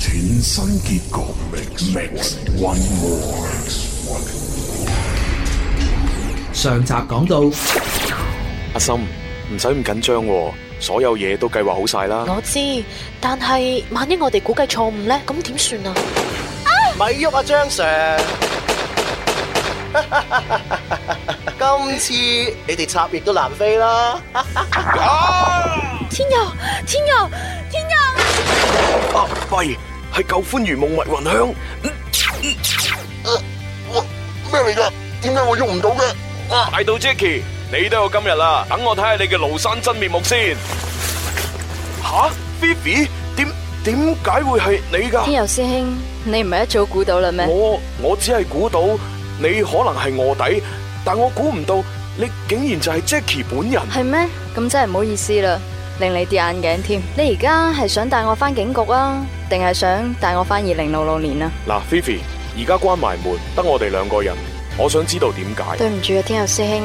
全新結局，Mix One More。上集講到，阿心唔使咁緊張，所有嘢都計劃好晒啦。我知，但係萬一我哋估計錯誤咧，咁點算啊？咪喐，阿張 Sir，今次你哋插翼都難飛啦！天佑，天佑，天佑！啊，快！係舊歡如夢，迷魂香。咩嚟噶？點解我喐唔到嘅？大盜 Jackie，你都有今日啦！等我睇下你嘅廬山真面目先。吓，Fifi，點點解會係你噶？天佑師兄，你唔係一早估到啦咩？我我只係估到你可能係臥底，但我估唔到你竟然就係 Jackie 本人。係咩？咁真係唔好意思啦。令你跌眼鏡添，你而家係想帶我返警局啊，定係想帶我返二零六六年啊？嗱，Fifi，而家關埋門，得我哋兩個人，我想知道點解？對唔住啊，天佑師兄，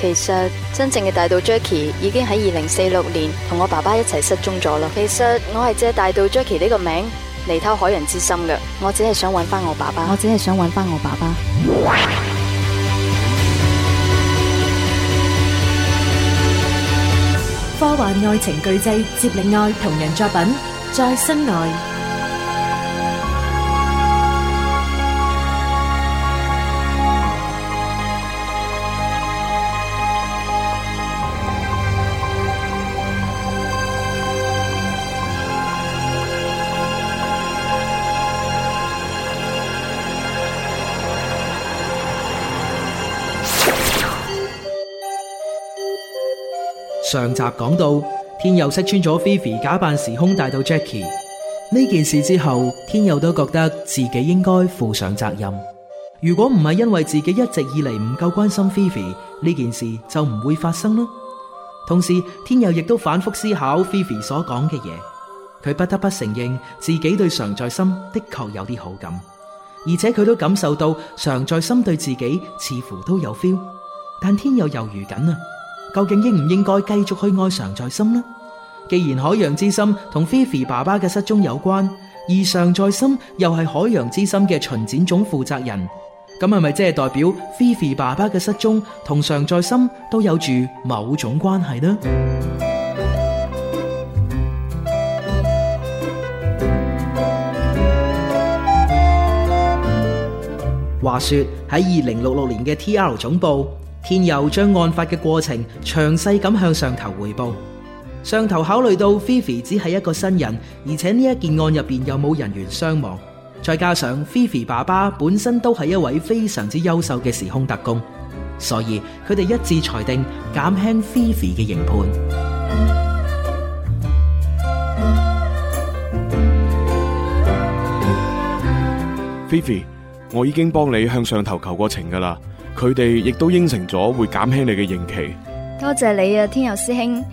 其實真正嘅大盜 Jackie 已經喺二零四六年同我爸爸一齊失蹤咗啦。其實我係借大盜 Jackie 呢個名嚟偷海人之心嘅，我只係想揾翻我爸爸，我只係想揾翻我爸爸。科幻愛情巨製《接力愛》同人作品《再生愛》。上集講到天佑識穿咗菲菲假扮時空大盜 Jackie 呢件事之後，天佑都覺得自己應該負上責任。如果唔係因為自己一直以嚟唔夠關心菲菲，呢件事就唔會發生啦。同時，天佑亦都反復思考菲菲所講嘅嘢，佢不得不承認自己對常在心的確有啲好感，而且佢都感受到常在心對自己似乎都有 feel。但天佑猶豫緊啊。究竟應唔應該繼續去愛常在心呢？既然海洋之心同菲菲爸爸嘅失蹤有關，而常在心又係海洋之心嘅巡展總負責人，咁係咪即係代表菲菲爸爸嘅失蹤同常在心都有住某種關係呢？ 話說喺二零六六年嘅 TR 總部。天佑將案發嘅過程詳細咁向上頭匯報，上頭考慮到 Fifi 只係一個新人，而且呢一件案入邊又冇人員傷亡，再加上 Fifi 爸爸本身都係一位非常之優秀嘅時空特工，所以佢哋一致裁定減輕 Fifi 嘅刑判。Fifi，我已經幫你向上頭求過情噶啦。佢哋亦都應承咗會減輕你嘅刑期。多謝你啊，天佑師兄。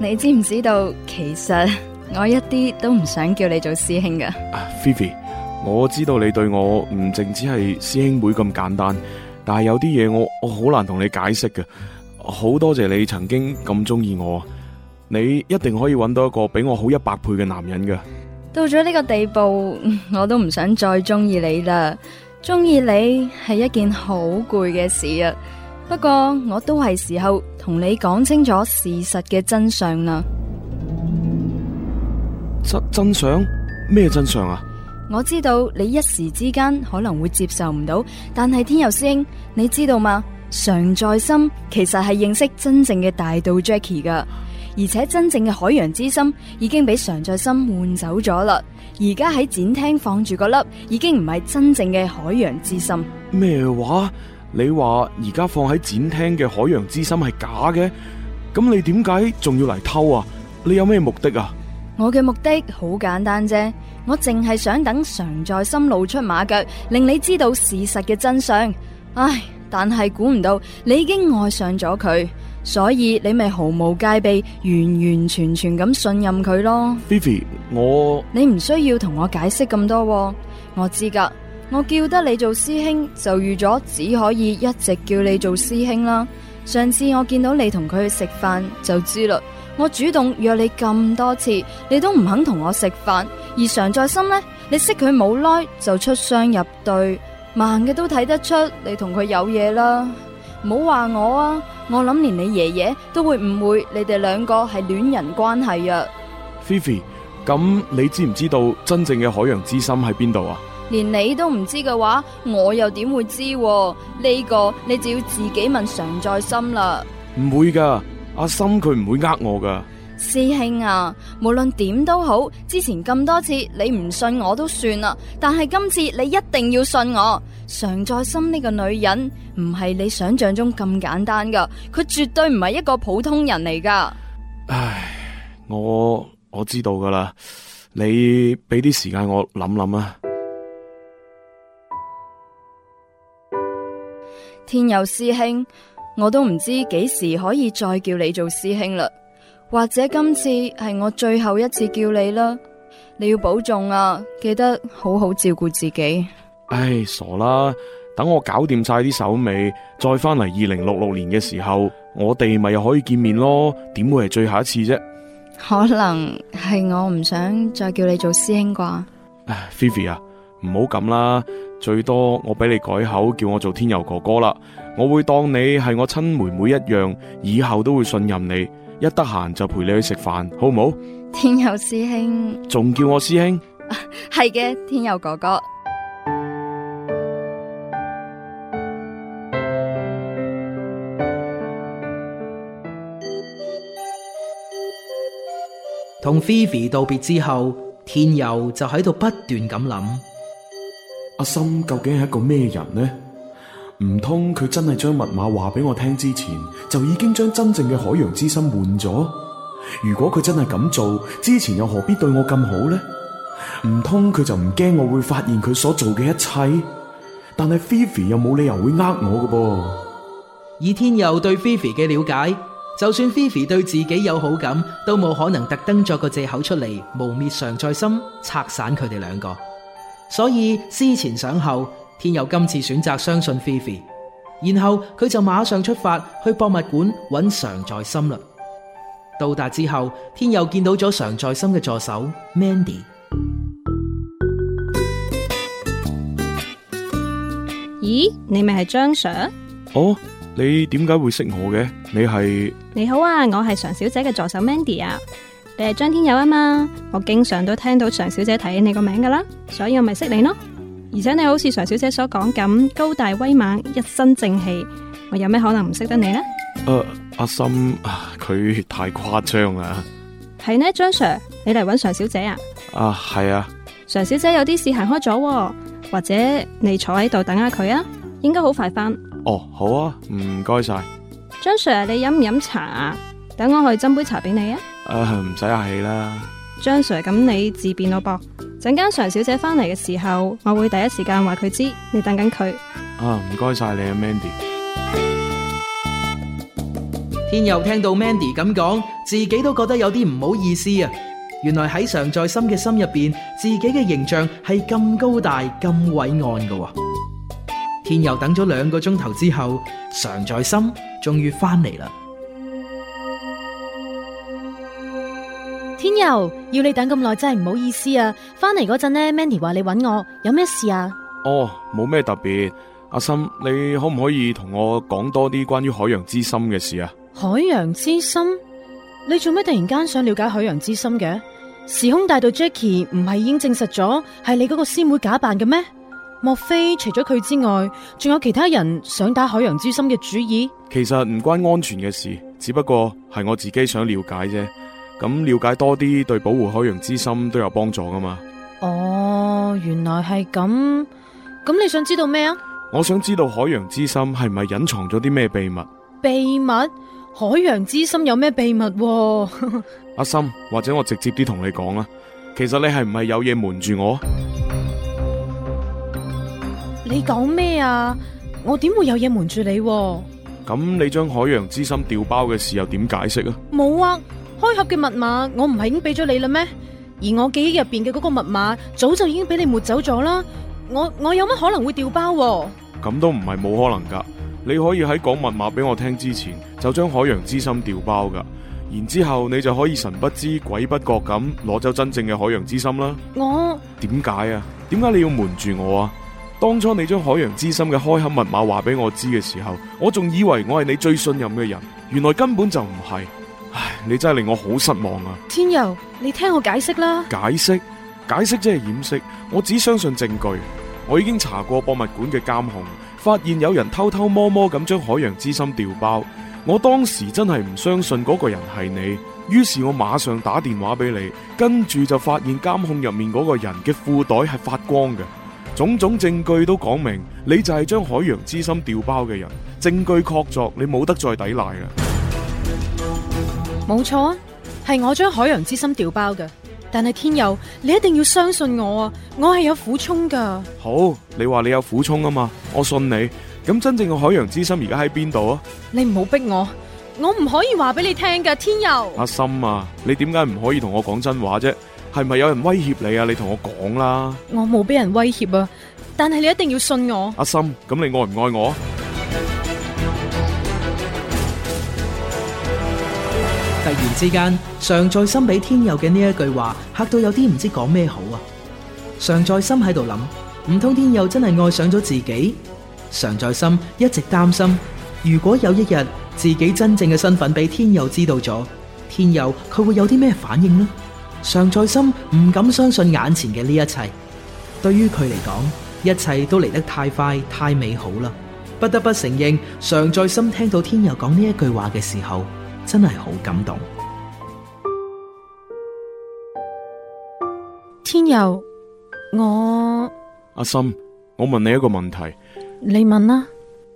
你知唔知道，其實我一啲都唔想叫你做師兄噶。啊，菲菲，我知道你對我唔淨止係師兄妹咁簡單，但係有啲嘢我我好難同你解釋噶。好多謝你曾經咁中意我，你一定可以揾到一個比我好一百倍嘅男人噶。到咗呢個地步，我都唔想再中意你啦。中意你係一件好攰嘅事啊，不過我都係時候同你講清楚事實嘅真相啦。真真相？咩真相啊？我知道你一時之間可能會接受唔到，但係天佑師兄，你知道嗎？常在心其實係認識真正嘅大道 Jackie 噶。而且真正嘅海洋之心已經俾常在心換走咗啦，而家喺展廳放住個粒已經唔係真正嘅海洋之心。咩話？你話而家放喺展廳嘅海洋之心係假嘅？咁你點解仲要嚟偷啊？你有咩目的啊？我嘅目的好簡單啫，我淨係想等常在心露出馬腳，令你知道事實嘅真相。唉，但係估唔到你已經愛上咗佢。所以你咪毫無戒備，完完全全咁信任佢咯。Vivi，我你唔需要同我解釋咁多，我知噶。我叫得你做師兄，就預咗只可以一直叫你做師兄啦。上次我見到你同佢去食飯就知啦。我主動約你咁多次，你都唔肯同我食飯，而常在心呢，你識佢冇耐就出雙入對，盲嘅都睇得出你同佢有嘢啦。唔好話我啊。我諗連你爺爺都會誤會你哋兩個係戀人關係呀。菲菲，咁你知唔知道真正嘅海洋之心喺邊度啊？連你都唔知嘅話，我又點會知？呢個你就要自己問常在心啦。唔會噶，阿心佢唔會呃我噶。師兄啊，無論點都好，之前咁多次你唔信我都算啦，但係今次你一定要信我，常在心呢個女人。唔係你想象中咁簡單噶，佢絕對唔係一個普通人嚟噶。唉，我我知道噶啦，你俾啲時間我諗諗啊。天佑師兄，我都唔知幾時可以再叫你做師兄啦，或者今次係我最後一次叫你啦。你要保重啊，記得好好照顧自己。唉，傻啦。等我搞掂晒啲手尾，再翻嚟二零六六年嘅時候，我哋咪又可以見面咯？點會係最後一次啫？可能係我唔想再叫你做師兄啩？Fifi 啊，唔好咁啦，最多我俾你改口叫我做天佑哥哥啦，我會當你係我親妹妹一樣，以後都會信任你，一得閒就陪你去食飯，好唔好？天佑師兄，仲叫我師兄？係、啊、嘅，天佑哥哥。同 Fifi 道別之後，天佑就喺度不斷咁諗：阿心究竟係一個咩人呢？唔通佢真係將密碼話俾我聽之前，就已經將真正嘅海洋之心換咗？如果佢真係咁做，之前又何必對我咁好呢？唔通佢就唔驚我會發現佢所做嘅一切？但係 Fifi 又冇理由會呃我㗎噃？以天佑對 Fifi 嘅了解。就算菲菲對自己有好感，都冇可能特登作個借口出嚟污衊常在心拆散，佢哋兩個。所以思前想後，天佑今次選擇相信菲菲，然後佢就馬上出發去博物館揾常在心啦。到達之後，天佑見到咗常在心嘅助手 Mandy。咦，你咪係張 Sir？哦。你點解會識我嘅？你係，你好啊，我係常小姐嘅助手 Mandy 啊。你係張天佑啊嘛，我經常都聽到常小姐提起你個名噶啦，所以我咪識你咯。而且你好似常小姐所講咁，高大威猛，一身正氣，我有咩可能唔識得你呢？誒、啊，阿、啊、心，佢太誇張啊！係呢，張 Sir，你嚟搵常小姐啊？啊，係啊。常小姐有啲事行開咗、啊，或者你坐喺度等下佢啊，應該好快翻。哦，好啊，唔該晒，張 Sir，你飲唔飲茶啊？等我去斟杯茶俾你啊。誒、呃，唔使客氣啦。張 Sir，咁你自便咯噃。陣間常小姐翻嚟嘅時候，我會第一時間話佢知。你等緊佢啊？唔該晒你啊，Mandy。天佑聽到 Mandy 咁講，自己都覺得有啲唔好意思啊。原來喺常在心嘅心入邊，自己嘅形象係咁高大、咁偉岸噶。天佑等咗兩個鐘頭之後，常在心終於翻嚟啦。天佑，要你等咁耐真係唔好意思啊！翻嚟嗰陣呢，Mandy 話你搵我，有咩事啊？哦，冇咩特別。阿心，你可唔可以同我講多啲關於海洋之心嘅事啊？海洋之心？你做咩突然間想了解海洋之心嘅？時空大道 Jackie 唔係已經證實咗係你嗰個師妹假扮嘅咩？莫非除咗佢之外，仲有其他人想打海洋之心嘅主意？其實唔關安全嘅事，只不過係我自己想了解啫。咁了解多啲，對保護海洋之心都有幫助噶嘛？哦，原來係咁。咁你想知道咩啊？我想知道海洋之心係咪隱藏咗啲咩秘密？秘密？海洋之心有咩秘密啊？ 阿森，或者我直接啲同你講啊，其實你係唔係有嘢瞞住我？你講咩啊？我點會有嘢瞞住你喎？咁你將海洋之心掉包嘅事又點解釋啊？冇啊，開盒嘅密碼我唔係已經俾咗你啦咩？而我記憶入邊嘅嗰個密碼早就已經俾你抹走咗啦。我我有乜可能會掉包喎？咁都唔係冇可能噶。你可以喺講密碼俾我聽之前，就將海洋之心掉包噶。然之後你就可以神不知鬼不覺咁攞走真正嘅海洋之心啦。我點解啊？點解你要瞞住我啊？當初你將海洋之心嘅開盒密碼話俾我知嘅時候，我仲以為我係你最信任嘅人，原來根本就唔係。唉，你真係令我好失望啊！天佑，你聽我解釋啦。解釋？解釋即係掩飾。我只相信證據。我已經查過博物館嘅監控，發現有人偷偷摸摸咁將海洋之心掉包。我當時真係唔相信嗰個人係你，於是我馬上打電話俾你，跟住就發現監控入面嗰個人嘅褲袋係發光嘅。種種證據都講明，你就係將海洋之心調包嘅人，證據確鑿，你冇得再抵賴啦。冇錯啊，係我將海洋之心調包嘅，但係天佑，你一定要相信我啊，我係有苦衷噶。好，你話你有苦衷啊嘛，我信你。咁真正嘅海洋之心而家喺邊度啊？你唔好逼我，我唔可以話俾你聽噶，天佑。阿心啊，你點解唔可以同我講真話啫？係咪有人威脅你啊？你同我講啦！我冇俾人威脅啊！但係你一定要信我。阿心，咁你愛唔愛我？突然之間，常在心俾天佑嘅呢一句話嚇到有啲唔知講咩好啊！常在心喺度諗，唔通天佑真係愛上咗自己？常在心一直擔心，如果有一日自己真正嘅身份俾天佑知道咗，天佑佢會有啲咩反應呢？常在心唔敢相信眼前嘅呢一切，對於佢嚟講，一切都嚟得太快、太美好啦！不得不承認，常在心聽到天佑講呢一句話嘅時候，真係好感動。天佑，我，阿心，我問你一個問題，你問啦。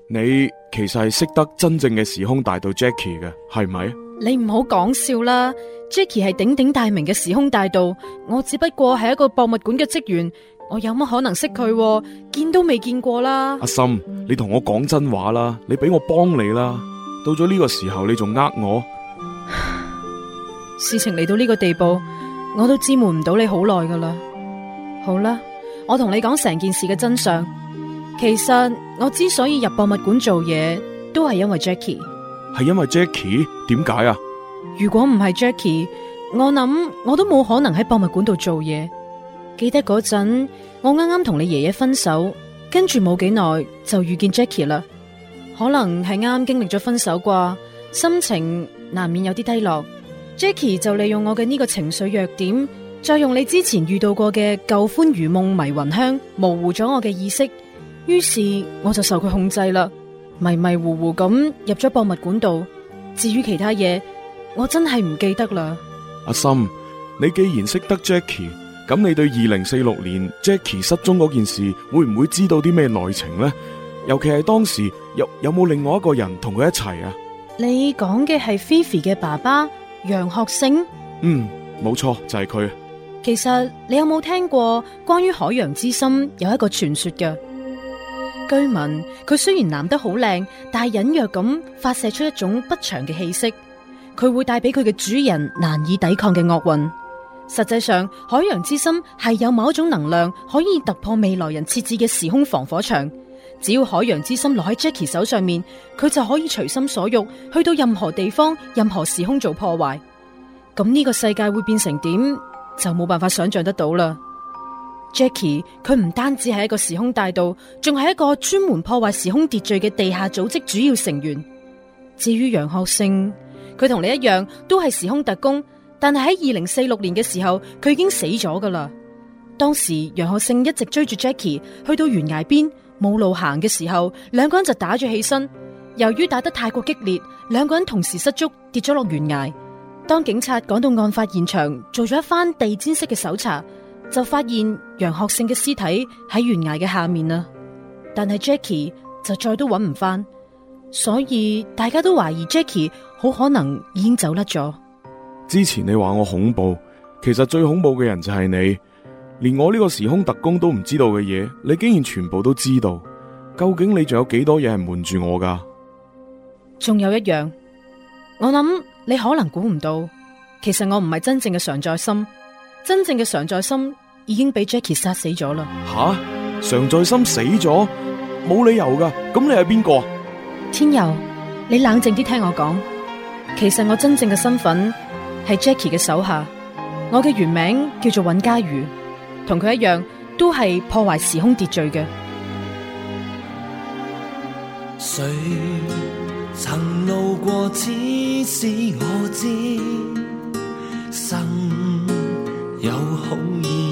你其實係識得真正嘅時空大道 Jackie 嘅，係咪？你唔好講笑啦，Jackie 係鼎鼎大名嘅時空大盜。我只不過係一個博物館嘅職員，我有乜可能識佢啊？見都未見過啦。阿心，你同我講真話啦，你俾我幫你啦，到咗呢個時候你仲呃我？事情嚟到呢個地步，我都隱瞞唔到你好耐噶啦。好啦，我同你講成件事嘅真相，其實我之所以入博物館做嘢，都係因為 Jackie。係因為 Jackie 點解啊？如果唔係 Jackie，我諗我都冇可能喺博物館度做嘢。記得嗰陣我啱啱同你爺爺分手，跟住冇幾耐就遇見 Jackie 啦。可能係啱啱經歷咗分手啩，心情難免有啲低落。Jackie 就利用我嘅呢個情緒弱點，再用你之前遇到過嘅舊歡如夢迷魂香，模糊咗我嘅意識，於是我就受佢控制啦。迷迷糊糊咁入咗博物館度，至於其他嘢，我真係唔記得啦。阿心，你既然識得 Jackie，咁你對二零四六年 Jackie 失蹤嗰件事會唔會知道啲咩內情呢？尤其係當時有有冇另外一個人同佢一齊啊？你講嘅係 Fifi 嘅爸爸楊學勝，嗯，冇錯就係佢。其實你有冇聽過關於海洋之心有一個傳說嘅？據聞佢雖然男得好靚，但係隱約咁發射出一種不祥嘅氣息。佢會帶俾佢嘅主人難以抵抗嘅惡運。實際上，海洋之心係有某一種能量，可以突破未來人設置嘅時空防火牆。只要海洋之心落喺 Jackie 手上面，佢就可以隨心所欲去到任何地方、任何時空做破壞。咁呢個世界會變成點，就冇辦法想象得到啦。Jackie 佢唔單止係一個時空大盜，仲係一個專門破壞時空秩序嘅地下組織主要成員。至於楊學勝，佢同你一樣都係時空特工，但係喺二零四六年嘅時候，佢已經死咗噶啦。當時楊學勝一直追住 Jackie 去到懸崖邊冇路行嘅時候，兩個人就打住起身。由於打得太過激烈，兩個人同時失足跌咗落懸崖。當警察趕到案發現場，做咗一番地毯式嘅搜查。就發現楊學勝嘅屍體喺懸崖嘅下面啦，但係 Jackie 就再都搵唔翻，所以大家都懷疑 Jackie 好可能已經走甩咗。之前你話我恐怖，其實最恐怖嘅人就係你，連我呢個時空特工都唔知道嘅嘢，你竟然全部都知道。究竟你仲有幾多嘢係瞞住我噶？仲有一樣，我諗你可能估唔到，其實我唔係真正嘅常在心，真正嘅常在心。已經俾 Jackie 殺死咗啦！吓、啊，常在心死咗，冇理由噶。咁你係邊個？天佑，你冷靜啲聽我講。其實我真正嘅身份係 Jackie 嘅手下，我嘅原名叫做尹家瑜，同佢一樣都係破壞時空秩序嘅。誰曾路過此，此使我知，神有好意。